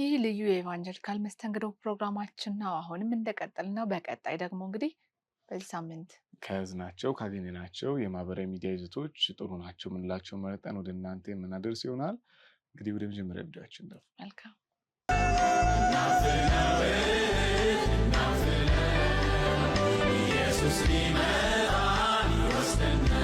ይህ ልዩ የኢቫንጀሊካል መስተንግዶ ፕሮግራማችን ነው። አሁንም እንደቀጠል ነው። በቀጣይ ደግሞ እንግዲህ በዚህ ሳምንት ከያዝናቸው ካገኘናቸው የማህበራዊ ሚዲያ ይዘቶች ጥሩ ናቸው የምንላቸው መረጠን ወደ እናንተ የምናደርስ ይሆናል። እንግዲህ ወደ መጀመሪያ ቪዲዮችን ነው። መልካም ኢየሱስ ሊመጣ ይወስደናል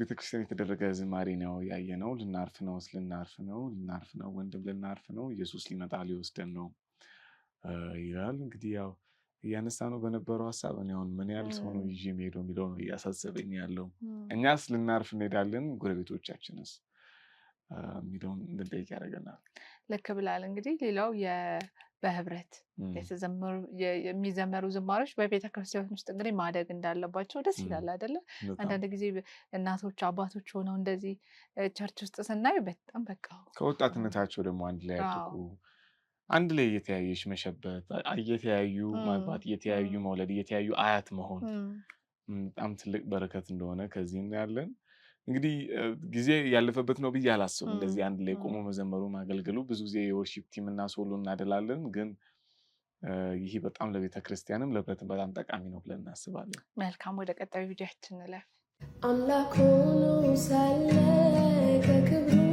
ቤተክርስቲያን የተደረገ ዝማሬ ነው ያየ ነው። ልናርፍ ነው፣ ልናርፍ ነው፣ ልናርፍ ነው፣ ወንድም ልናርፍ ነው፣ ኢየሱስ ሊመጣ ሊወስደን ነው ይላል። እንግዲህ ያው እያነሳ ነው በነበረው ሀሳብ ሁን ምን ያህል ሰው ነው ይዤ የምሄደው የሚለው ነው እያሳሰበኝ ያለው። እኛስ ልናርፍ እንሄዳለን፣ ጎረቤቶቻችንስ የሚለውን እንድንጠይቅ ያደርገናል። ልክ ብላል። እንግዲህ ሌላው በህብረት የሚዘመሩ ዝማሬዎች በቤተ ክርስቲያን ውስጥ እንግዲህ ማደግ እንዳለባቸው ደስ ይላል አይደለ? አንዳንድ ጊዜ እናቶች አባቶች ሆነው እንደዚህ ቸርች ውስጥ ስናዩ በጣም በቃ ከወጣትነታቸው ደግሞ አንድ ላይ ያድጉ አንድ ላይ እየተያየች መሸበት፣ እየተያዩ ማግባት፣ እየተያዩ መውለድ፣ እየተያዩ አያት መሆን በጣም ትልቅ በረከት እንደሆነ ከዚህ እናያለን። እንግዲህ ጊዜ ያለፈበት ነው ብዬ አላስብም። እንደዚህ አንድ ላይ ቆሞ መዘመሩ ማገልገሉ ብዙ ጊዜ የወርሺፕ ቲም እና ሶሎ እናደላለን ግን ይህ በጣም ለቤተ ክርስቲያንም ለህብረትን በጣም ጠቃሚ ነው ብለን እናስባለን። መልካም ወደ ቀጣዩ ቪዲዮችን እንለፍ። አምላክ ሆኖ ሳለ ከክብሩ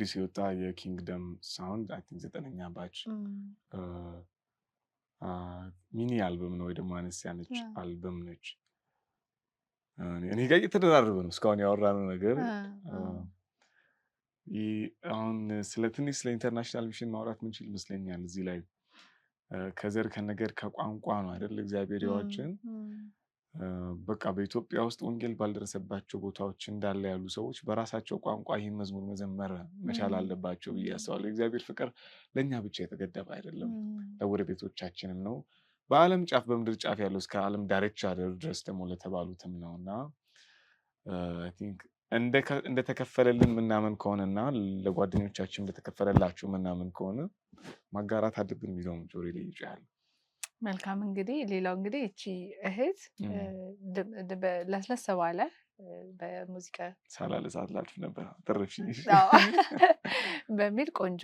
አዲስ የወጣ የኪንግደም ሳውንድ አይ ቲንክ ዘጠነኛ ባች ሚኒ አልበም ነው ወይ ደግሞ አነስ ያነች አልበም ነች። እኔ ጋር እየተደራረበ ነው እስካሁን ያወራነው ነገር። አሁን ስለ ትንሽ ስለ ኢንተርናሽናል ሚሽን ማውራት ምንችል ይመስለኛል እዚህ ላይ ከዘር ከነገር ከቋንቋ ነው አይደል እግዚአብሔር ያዋችን በቃ በኢትዮጵያ ውስጥ ወንጌል ባልደረሰባቸው ቦታዎች እንዳለ ያሉ ሰዎች በራሳቸው ቋንቋ ይህን መዝሙር መዘመር መቻል አለባቸው ብዬ አስባለሁ። የእግዚአብሔር ፍቅር ለእኛ ብቻ የተገደበ አይደለም፣ ለጎረቤቶቻችንም ነው። በዓለም ጫፍ በምድር ጫፍ ያለው እስከ ዓለም ዳርቻ ድረስ ደግሞ ለተባሉትም ነው እና እንደተከፈለልን ምናምን ከሆነና ለጓደኞቻችን እንደተከፈለላቸው ምናምን ከሆነ ማጋራት አለብን የሚለውም ጆሮዬ ላይ ይጮሃል። መልካም እንግዲህ ሌላው እንግዲህ እቺ እህት ለስለሰ ባለ በሙዚቃ ላልፍ ነበር ተረፍሽ በሚል ቆንጆ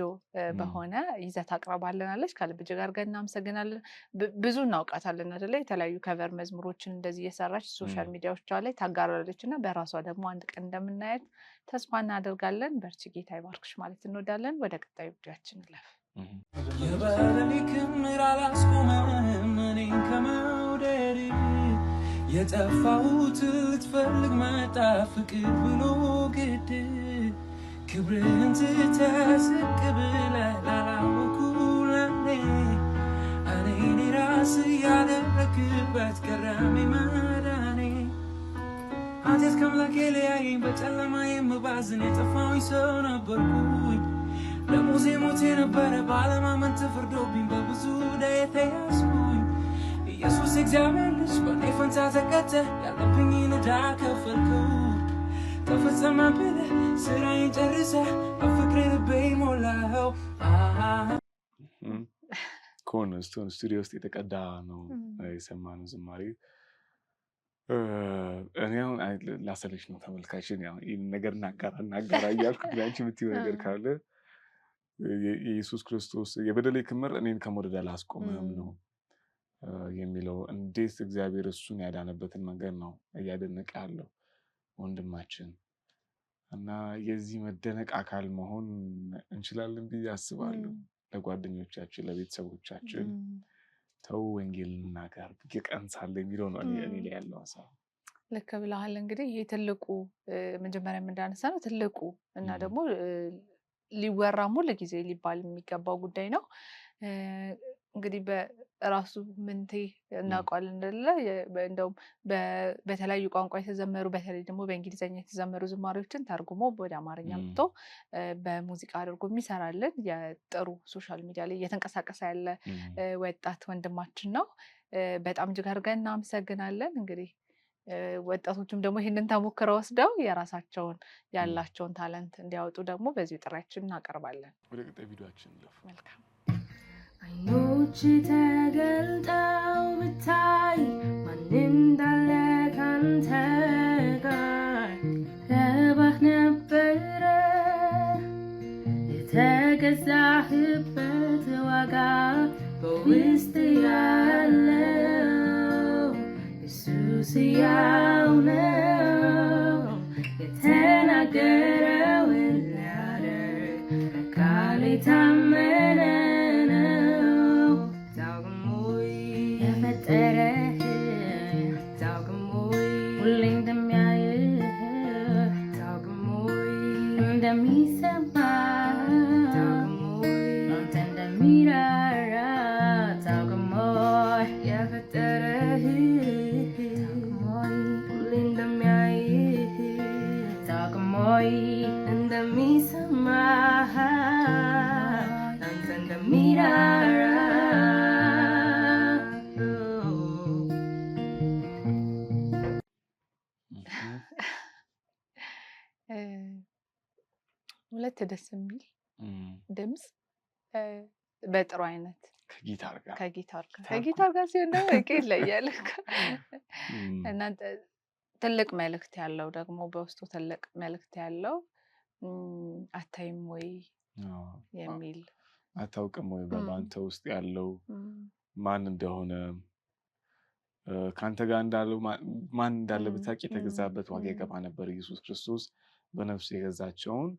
በሆነ ይዘት አቅርባልናለች። ከልብጅ ጋር ጋር እናመሰግናለን። ብዙ እናውቃታለን አደለ? የተለያዩ ከቨር መዝሙሮችን እንደዚህ እየሰራች ሶሻል ሚዲያዎቿ ላይ ታጋራለች እና በራሷ ደግሞ አንድ ቀን እንደምናየት ተስፋ እናደርጋለን። በርቺ፣ ጌታ ይባርክሽ ማለት እንወዳለን። ወደ ቀጣዩ ጉዳያችን እንለፍ። የባህሪ ክምር አላስቆመም እኔን ከመውደድ የጠፋሁት ልትፈልግ መጣ ፍቅር ብሎ ግድ ክብርህን ትተስቅ ብለ ላላወኩላኔ እኔን ራስ ያደረክበት ገራሚ መዳኔ አቴት ከምላኬ ለያየኝ በጨለማ የምባዝን የጠፋሁኝ ሰው ነበርኩኝ ለሙሴ ሞት የነበረ ባለማመን ተፈርዶብኝ በብዙ ላይ ተያዝኩኝ። ኢየሱስ እግዚአብሔር ልጅ በእኔ ፈንታ ተቀተ፣ ያለብኝን ዕዳ ከፈልከው ተፈጸመ ብለህ ስራዬን በፍቅር ልቤ ሞላኸው። ኮርንስቶን ስቱዲዮ ውስጥ የተቀዳ ነው የሰማነው ዝማሬ። እኔ አሁን ላሰለች ነው ተመልካችን ነገር እናጋራ እናጋራ እያልኩ ግናንች የምትይው ነገር ካለ የኢየሱስ ክርስቶስ የበደሌ ክምር እኔን ከመውደድ አላስቆምህም ነው የሚለው። እንዴት እግዚአብሔር እሱን ያዳነበትን መንገድ ነው እያደነቀ ያለው ወንድማችን እና የዚህ መደነቅ አካል መሆን እንችላለን ብዬ አስባለሁ። ለጓደኞቻችን፣ ለቤተሰቦቻችን ተው ወንጌል እናገር የቀን ሳለ የሚለው ነው እኔ ላይ ያለው ሀሳብ። ልክ ብለሃል። እንግዲህ ይህ ትልቁ መጀመሪያ የምንዳነሳ ነው ትልቁ እና ደግሞ ሊወራም ሁል ጊዜ ሊባል የሚገባው ጉዳይ ነው። እንግዲህ በራሱ ምንቴ እናውቋል እንደለ እንደውም በተለያዩ ቋንቋ የተዘመሩ በተለይ ደግሞ በእንግሊዝኛ የተዘመሩ ዝማሬዎችን ተርጉሞ ወደ አማርኛ ምቶ በሙዚቃ አድርጎ የሚሰራልን የጥሩ ሶሻል ሚዲያ ላይ እየተንቀሳቀሰ ያለ ወጣት ወንድማችን ነው። በጣም እጅግ አድርገን እናመሰግናለን እንግዲህ ወጣቶችም ደግሞ ይህንን ተሞክረ ወስደው የራሳቸውን ያላቸውን ታለንት እንዲያወጡ ደግሞ በዚሁ ጥሪያችን እናቀርባለን። ወደ ቀጣይ ቪዲዮችን መልካም አይኖች ተገልጠው ብታይ ማን እንዳለ ካንተ ጋር ረባህ ነበረ የተገዛህበት ዋጋ በውስ Yeah. ደስ የሚል ድምፅ በጥሩ አይነት ከጊታር ጋር ከጊታር ጋር ሲሆን ደግሞ በቂ ይለያል እና ትልቅ መልእክት ያለው ደግሞ በውስጡ ትልቅ መልእክት ያለው አታይም ወይ የሚል አታውቅም ወይ በባንተ ውስጥ ያለው ማን እንደሆነ ከአንተ ጋር እንዳለው ማን እንዳለ ብታውቂ የተገዛበት ዋጋ የገባ ነበር። ኢየሱስ ክርስቶስ በነፍሱ የገዛቸውን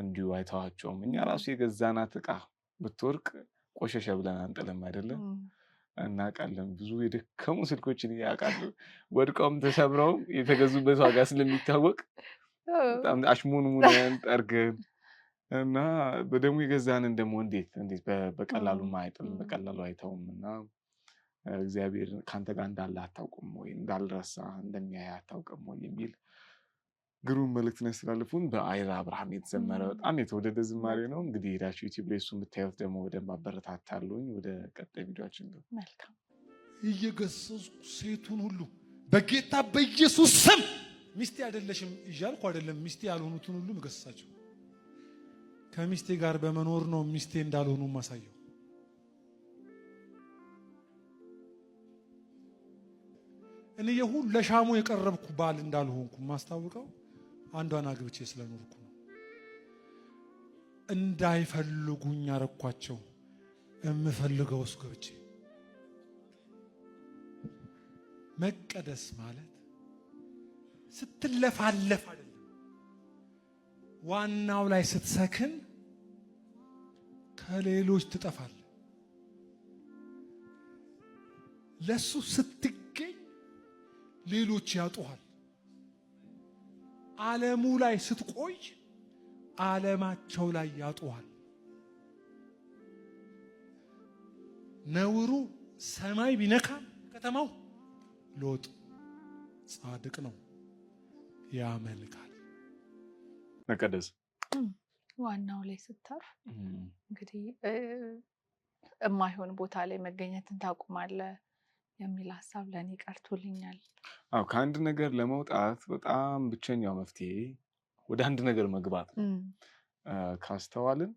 እንዲሁ አይተዋቸውም። እኛ ራሱ የገዛናት እቃ ብትወርቅ ቆሸሸ ብለን አንጥልም አይደለም እናውቃለን። ብዙ የደከሙ ስልኮችን ያውቃሉ። ወድቀውም ተሰብረውም የተገዙበት ዋጋ ስለሚታወቅ በጣም አሽሞንሙነን ጠርገን እና በደግሞ የገዛንን ደግሞ እንዴት እንዴት በቀላሉ አይጥልም፣ በቀላሉ አይተውም እና እግዚአብሔር ከአንተ ጋር እንዳለ አታውቅም ወይ እንዳልረሳ እንደሚያይ አታውቅም ወይ የሚል ግሩም መልእክትን ያስተላልፉን በአይላ አብርሃም የተዘመረ በጣም የተወደደ ዝማሬ ነው። እንግዲህ ሄዳችሁ ዩቲዩብ ላይ እሱን ብታዩት ደግሞ በደንብ አበረታታሉኝ። ወደ ቀጣይ ቪዲዮችን ነው መልካም እየገሰስኩ ሴቱን ሁሉ በጌታ በኢየሱስ ስም ሚስቴ አይደለሽም እያልኩ አይደለም። ሚስቴ ያልሆኑትን ሁሉ መገሰሳቸው ከሚስቴ ጋር በመኖር ነው ሚስቴ እንዳልሆኑ ማሳየው። እኔ የሁሉ ለሻሙ የቀረብኩ ባል እንዳልሆንኩ ማስታውቀው አንዷን አግብቼ ስለኖርኩ ነው። እንዳይፈልጉኝ አረኳቸው። የምፈልገው እሱ ገብቼ መቀደስ ማለት ስትለፋለፍ አይደለም። ዋናው ላይ ስትሰክን ከሌሎች ትጠፋለ። ለሱ ስትገኝ ሌሎች ያጡሃል። ዓለሙ ላይ ስትቆይ ዓለማቸው ላይ ያጡሃል። ነውሩ ሰማይ ቢነካ ከተማው ሎጥ ጻድቅ ነው ያመልካል። መቀደስ ዋናው ላይ ስታርፍ እንግዲህ የማይሆን ቦታ ላይ መገኘትን ታቁማለህ። የሚል ሀሳብ ለእኔ ቀርቶልኛል። አዎ ከአንድ ነገር ለመውጣት በጣም ብቸኛው መፍትሄ ወደ አንድ ነገር መግባት ነው። ካስተዋልን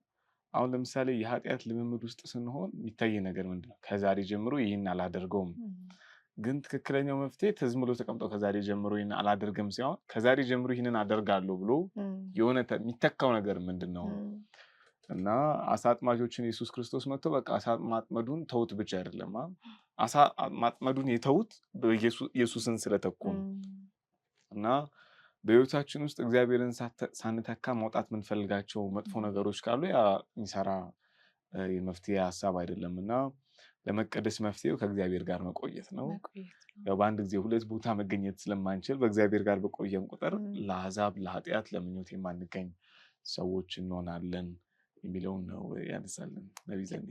አሁን ለምሳሌ የኃጢአት ልምምድ ውስጥ ስንሆን የሚታይ ነገር ምንድን ነው? ከዛሬ ጀምሮ ይህን አላደርገውም። ግን ትክክለኛው መፍትሄ ትዝ ብሎ ተቀምጦ ከዛሬ ጀምሮ ይህን አላደርግም ሲሆን ከዛሬ ጀምሮ ይህንን አደርጋለሁ ብሎ የሆነ የሚተካው ነገር ምንድን ነው? እና አሳ አጥማጆችን ኢየሱስ ክርስቶስ መጥቶ በቃ አሳ ማጥመዱን ተውት ብቻ አይደለም አሳ ማጥመዱን የተዉት ኢየሱስን ስለተኩ ነው። እና በህይወታችን ውስጥ እግዚአብሔርን ሳንተካ ማውጣት የምንፈልጋቸው መጥፎ ነገሮች ካሉ ያ የሚሰራ የመፍትሄ ሀሳብ አይደለም እና ለመቀደስ መፍትሄው ከእግዚአብሔር ጋር መቆየት ነው። ያው በአንድ ጊዜ ሁለት ቦታ መገኘት ስለማንችል በእግዚአብሔር ጋር በቆየን ቁጥር ለአሕዛብ፣ ለኃጢአት፣ ለምኞት የማንገኝ ሰዎች እንሆናለን። የሚለውን ነው ያነሳለን። ነቢ ዘኔ።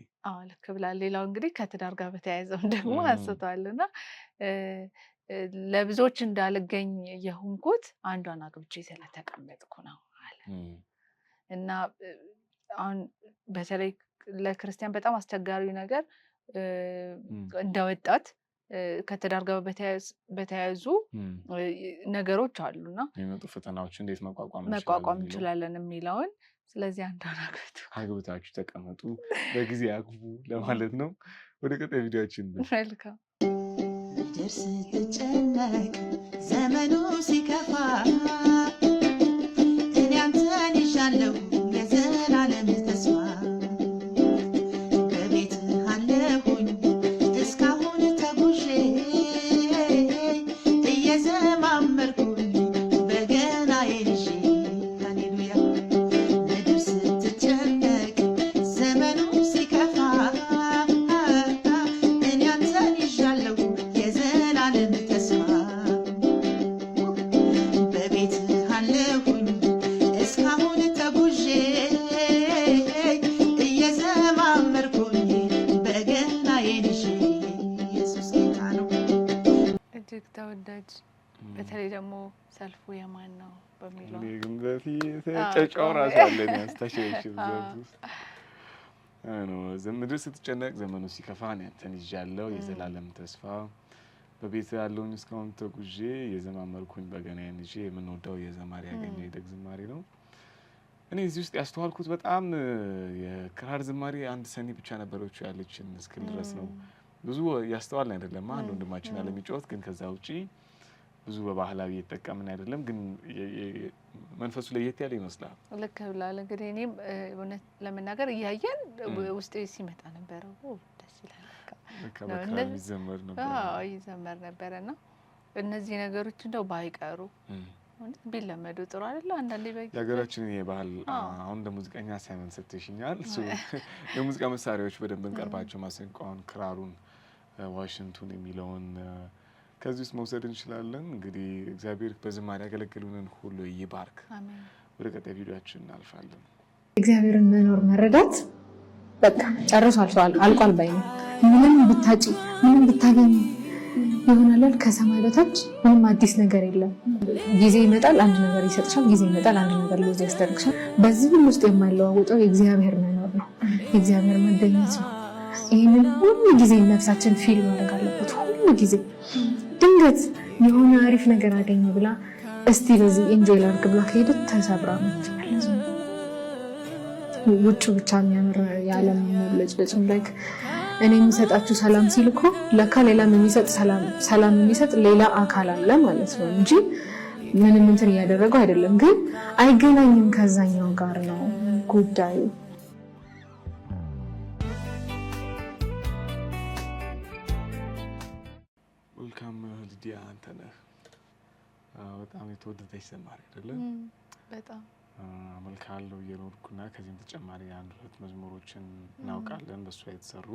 ልክ ብላ። ሌላው እንግዲህ ከትዳር ጋር በተያያዘው ደግሞ አንስተዋል እና ለብዙዎች እንዳልገኝ የሆንኩት አንዷን አግብቼ ስለተቀመጥኩ ነው አለ እና አሁን በተለይ ለክርስቲያን በጣም አስቸጋሪ ነገር እንደወጣት ወጣት ከትዳር ጋር በተያያዙ ነገሮች አሉና የሚመጡ ፈተናዎች እንዴት መቋቋም መቋቋም እንችላለን የሚለውን ስለዚህ አንዷን አግብቱ፣ አግብታችሁ ተቀመጡ፣ በጊዜ አግቡ ለማለት ነው። ወደ ቀጣይ ቪዲዮችን መልካም ትጨነቅ ዘመኑ ሲከፋ በተለይ ደግሞ ሰልፉ የማን ነው በሚለው ጨጫው ራሱ አለ ያስታሸሽም ምድር ስትጨነቅ ዘመኑ ሲከፋ ነው ያንተን ይዣለው የዘላለም ተስፋ በቤት ያለውን እስካሁን ተጉዤ የዘማመርኩኝ በገናዬን ይዤ የምንወዳው የዘማሪ ያገኘ የደግ ዝማሪ ነው። እኔ እዚህ ውስጥ ያስተዋልኩት በጣም የክራር ዝማሪ አንድ ሰኒ ብቻ ነበረች ያለችን እስክል ድረስ ነው። ብዙ ያስተዋልን አይደለም አንድ ወንድማችን አለሚጫወት ግን ከዛ ውጪ ብዙ በባህላዊ እየተጠቀምን አይደለም፣ ግን መንፈሱ ለየት ያለ ይመስላል። ልክ ብላል። እንግዲህ እኔም እውነት ለመናገር እያየን ውስጤ ሲመጣ ነበረ። ደስ ይላል። ይዘመር ነበረ እና እነዚህ ነገሮች እንደው ባይቀሩ ቢለመዱ ጥሩ አይደለ? አንዳንዴ በ የሀገራችንን የባህል አሁን እንደ ሙዚቀኛ ሳይመን ሰትሽኛል። የሙዚቃ መሳሪያዎች በደንብ እንቀርባቸው ማሰንቋውን፣ ክራሩን፣ ዋሽንቱን የሚለውን ከዚህ ውስጥ መውሰድ እንችላለን። እንግዲህ እግዚአብሔር በዝማሬ ያገለገሉንን ሁሉ ይባርክ። ወደ ቀጣይ ቪዲዮችን እናልፋለን። እግዚአብሔርን መኖር መረዳት በቃ ጨርሷል፣ ሰዋል አልቋል ባይ ነው። ምንም ብታጭ ምንም ብታገኝ ይሆናላል። ከሰማይ በታች ምንም አዲስ ነገር የለም። ጊዜ ይመጣል፣ አንድ ነገር ይሰጥሻል። ጊዜ ይመጣል፣ አንድ ነገር ለዚ ያስደርግሻል። በዚህ ሁሉ ውስጥ የማይለዋወጠው የእግዚአብሔር መኖር ነው፣ የእግዚአብሔር መገኘት ነው። ይህንን ሁሉ ጊዜ ነፍሳችን ፊል ማድረግ አለበት ሁሉ ጊዜ ድንገት የሆነ አሪፍ ነገር አገኘ ብላ እስቲ በዚህ ኤንጆይ ላርግ ብላ ከሄደ ተሰብራ ምትመለስ ውጭ ብቻ የሚያምር የዓለም መለጭለጭም ላይክ እኔ የሚሰጣችሁ ሰላም ሲል እኮ ለካ ሌላም የሚሰጥ ሰላም የሚሰጥ ሌላ አካል አለ ማለት ነው እንጂ ምንም እንትን እያደረገው አይደለም። ግን አይገናኝም ከዛኛው ጋር ነው ጉዳዩ። በጣም የተወደደች ዘማሪ አይደለ? በጣም መልካለው እየኖርኩና ከዚህም ተጨማሪ አንድ ሁለት መዝሙሮችን እናውቃለን በእሷ የተሰሩ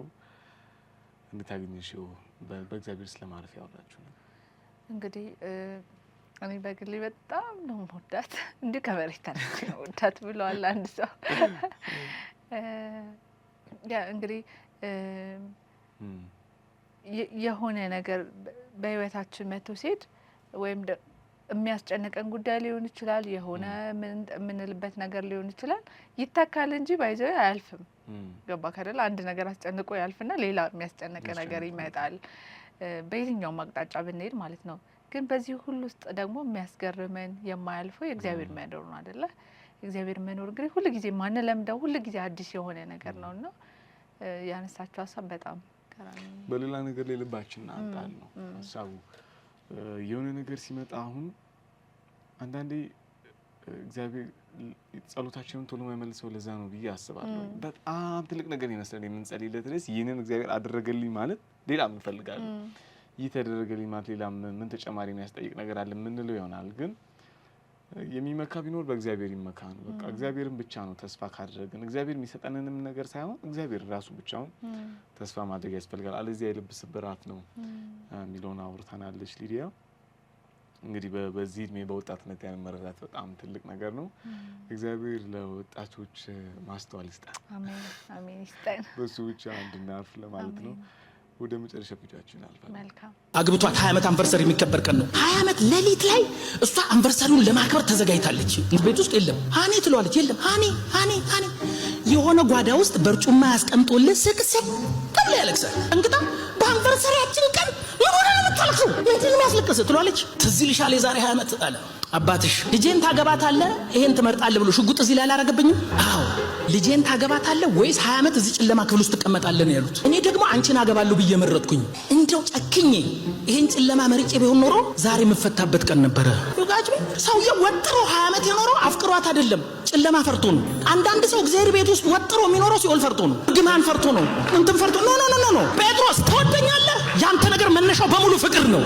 እንዴት አገኘሽው? በእግዚአብሔር ስለማረፍ ያወራችሁ ነው። እንግዲህ እኔ በግሌ በጣም ነው መወዳት፣ እንዲ ከበሬታ ነው መወዳት ብለዋል አንድ ሰው። እንግዲህ የሆነ ነገር በህይወታችን መቶ ሲሄድ ወይም የሚያስጨንቀን ጉዳይ ሊሆን ይችላል። የሆነ የምንልበት ነገር ሊሆን ይችላል። ይተካል እንጂ ባይዘው አያልፍም። ገባ ከደል አንድ ነገር አስጨንቆ ያልፍና ሌላ የሚያስጨንቅ ነገር ይመጣል። በየትኛውም አቅጣጫ ብንሄድ ማለት ነው። ግን በዚህ ሁሉ ውስጥ ደግሞ የሚያስገርመን የማያልፈው የእግዚአብሔር መኖር ነው አደለ? የእግዚአብሔር መኖር እንግዲህ ጊዜ ማንለምደው ጊዜ አዲስ የሆነ ነገር ነው እና ያነሳቸው ሀሳብ በጣም በሌላ ነገር ላይ ልባችን አንጣል ነው ሀሳቡ የሆነ ነገር ሲመጣ አሁን አንዳንዴ እግዚአብሔር ጸሎታችንን ቶሎ የማይመልሰው ለዛ ነው ብዬ አስባለሁ። በጣም ትልቅ ነገር ይመስላል የምንጸልይለት ድረስ ይህንን እግዚአብሔር አደረገልኝ ማለት ሌላ ምንፈልጋለን ይህ ተደረገልኝ ማለት ሌላ ምን ተጨማሪ የሚያስጠይቅ ነገር አለ የምንለው ይሆናል ግን የሚመካ ቢኖር በእግዚአብሔር ይመካ ነው። በቃ እግዚአብሔርን ብቻ ነው ተስፋ ካደረግን እግዚአብሔር የሚሰጠንንም ነገር ሳይሆን እግዚአብሔር ራሱ ብቻውን ተስፋ ማድረግ ያስፈልጋል። አለዚያ የልብ ስብራት ነው የሚለውን አውርታናለች ሊዲያ። እንግዲህ በዚህ እድሜ በወጣትነት ያን መረዳት በጣም ትልቅ ነገር ነው። እግዚአብሔር ለወጣቶች ማስተዋል ይስጣል። በሱ ብቻ እንድናርፍ ለማለት ነው። ወደ መጨረሻ ጉዳያችን አልፋለን። አግብቷት ሀያ ዓመት አንቨርሰሪ የሚከበር ቀን ነው። ሀያ ዓመት ሌሊት ላይ እሷ አንቨርሰሪውን ለማክበር ተዘጋጅታለች። ቤት ውስጥ የለም ሀኔ ትለዋለች። የለም ሀኔ ሀኔ ሀኔ የሆነ ጓዳ ውስጥ በርጩማ ያስቀምጦልን ስቅስቅ ብሎ ያለቅሳል። እንግዳ በአንቨርሰሪያችን ቀን ምሩና የምታለቅሰው ምንድን የሚያስለቅስ ትለዋለች። ትዝ ይልሻል የዛሬ ሀያ ዓመት አለ አባትሽ ልጄን ታገባታለ ይሄን ትመርጣለ ብሎ ሽጉጥ እዚህ ላይ አላረገብኝም። አዎ ልጄን ታገባታለ ወይስ ሀያ ዓመት እዚህ ጨለማ ክፍል ውስጥ ትቀመጣለን ያሉት። እኔ ደግሞ አንቺን አገባለሁ ብዬ መረጥኩኝ። እንደው ጨክኜ ይሄን ጨለማ መርጬ ቢሆን ኖሮ ዛሬ የምፈታበት ቀን ነበረ። ጋጭ ሰውየው ወጥሮ ሀያ ዓመት የኖረው አፍቅሯት አይደለም ጨለማ ፈርቶ ነው። አንዳንድ ሰው እግዚአብሔር ቤት ውስጥ ወጥሮ የሚኖረው ሲኦል ፈርቶ ነው፣ ግማን ፈርቶ ነው፣ እንትን ፈርቶ ኖ ኖ ኖ ኖ ጴጥሮስ ትወደኛለህ ያንተ ነገር መነሻው በሙሉ ፍቅር ነው።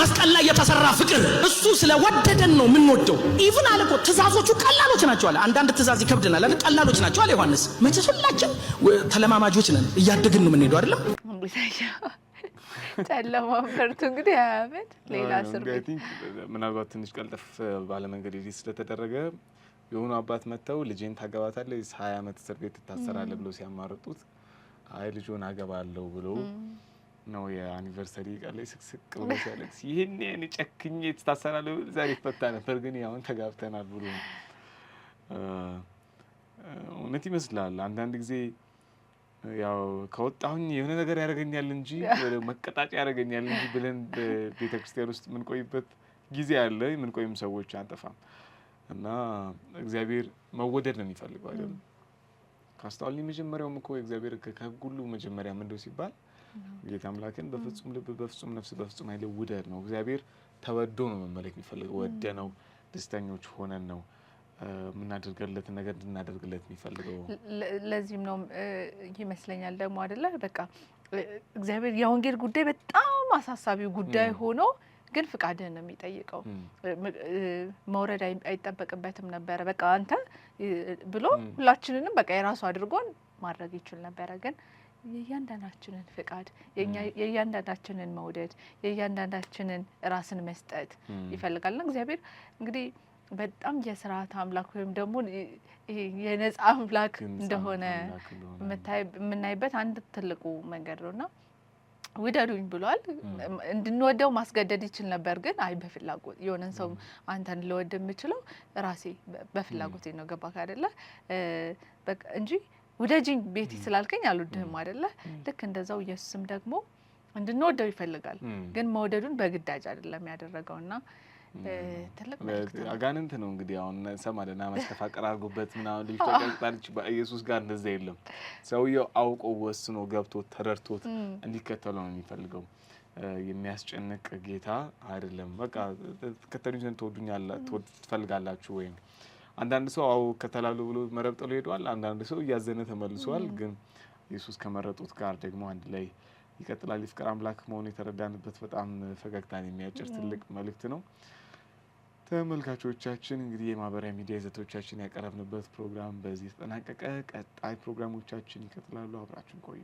መስቀል ላይ የተሰራ ፍቅር። እሱ ስለወደደን ነው የምንወደው። ኢቭን አለ እኮ ትእዛዞቹ ቀላሎች ናቸው አለ። አንዳንድ ትእዛዝ ይከብድናል አለ። ቀላሎች ናቸው አለ ዮሐንስ። መቼስ ሁላችን ተለማማጆች ነን፣ እያደግን ነው የምንሄደው አይደለም? ጨለማ እንግዲህ ሀያ ዓመት ሌላ እስር ቤት ምናልባት ትንሽ ቀልጠፍ ባለመንገድ ዲ ስለተደረገ የሆኑ አባት መጥተው ልጄን ታገባታለ ሀያ ዓመት እስር ቤት ትታሰራለ ብሎ ሲያማርጡት አይ ልጆን አገባለሁ ብሎ ነው የአኒቨርሰሪ ቃ ላይ ስቅስቅ ብሎ ሲያለቅስ ይህን ያን ጨክኝ ትታሰራለህ ዛሬ ይፈታ ነበር፣ ግን ያሁን ተጋብተናል ብሎ እውነት ይመስላል። አንዳንድ ጊዜ ያው ከወጣሁኝ የሆነ ነገር ያደርገኛል እንጂ መቀጣጫ ያደርገኛል እንጂ ብለን ቤተ ክርስቲያን ውስጥ የምንቆይበት ጊዜ አለ። የምንቆይም ሰዎች አንጠፋም እና እግዚአብሔር መወደድ ነው የሚፈልገው አይደለም። ካስተዋልን የመጀመሪያውም እኮ እግዚአብሔር ከሁሉ መጀመሪያ ምንድነው ሲባል ጌታ አምላክን በፍጹም ልብ፣ በፍጹም ነፍስ፣ በፍጹም ኃይል ውደድ ነው። እግዚአብሔር ተወዶ ነው መመለክ የሚፈልገው። ወደ ነው ደስተኞች ሆነን ነው የምናደርገለትን ነገር እንድናደርግለት የሚፈልገው። ለዚህም ነው ይመስለኛል ደግሞ አደለ በቃ እግዚአብሔር የወንጌል ጉዳይ በጣም አሳሳቢ ጉዳይ ሆኖ ግን ፍቃድህን ነው የሚጠይቀው። መውረድ አይጠበቅበትም ነበረ። በቃ አንተ ብሎ ሁላችንንም በቃ የራሱ አድርጎን ማድረግ ይችል ነበረ ግን የእያንዳንዳችንን ፍቃድ የእያንዳንዳችንን መውደድ የእያንዳንዳችንን ራስን መስጠት ይፈልጋል ና እግዚአብሔር እንግዲህ በጣም የስርዓት አምላክ ወይም ደግሞ የነጻ አምላክ እንደሆነ የምናይበት አንድ ትልቁ መንገድ ነው ና ውደዱኝ ብሏል። እንድንወደው ማስገደድ ይችል ነበር፣ ግን አይ በፍላጎት የሆነን ሰው አንተን ልወድ የምችለው ራሴ በፍላጎት ነው ገባ ካደለ እንጂ ውደጅኝ ቤቲ ስላልከኝ አልወድህም አይደለ? ልክ እንደዛው ኢየሱስም ደግሞ እንድንወደው ይፈልጋል። ግን መውደዱን በግዳጅ አይደለም ያደረገውና አጋንንት ነው እንግዲህ አሁን እንሰማለን። አመት ተፈቀራርጉበት ምናምን ልጅቷ ቀጣልች። በኢየሱስ ጋር እንደዛ የለም። ሰውየው አውቆ ወስኖ ገብቶት ተረድቶት እንዲከተለው ነው የሚፈልገው። የሚያስጨንቅ ጌታ አይደለም። በቃ ከተሉኝ ዘንድ ትወዱኛላ ትፈልጋላችሁ ወይም አንዳንድ ሰው አው ከተላሉ ብሎ መረብ ጥሎ ሄደዋል። አንዳንድ ሰው እያዘነ ተመልሷል። ግን ኢየሱስ ከመረጡት ጋር ደግሞ አንድ ላይ ይቀጥላል። የፍቅር አምላክ መሆኑ የተረዳንበት በጣም ፈገግታን የሚያጭር ትልቅ መልእክት ነው። ተመልካቾቻችን እንግዲህ የማህበራዊ ሚዲያ ይዘቶቻችን ያቀረብንበት ፕሮግራም በዚህ የተጠናቀቀ። ቀጣይ ፕሮግራሞቻችን ይቀጥላሉ። አብራችን ቆዩ።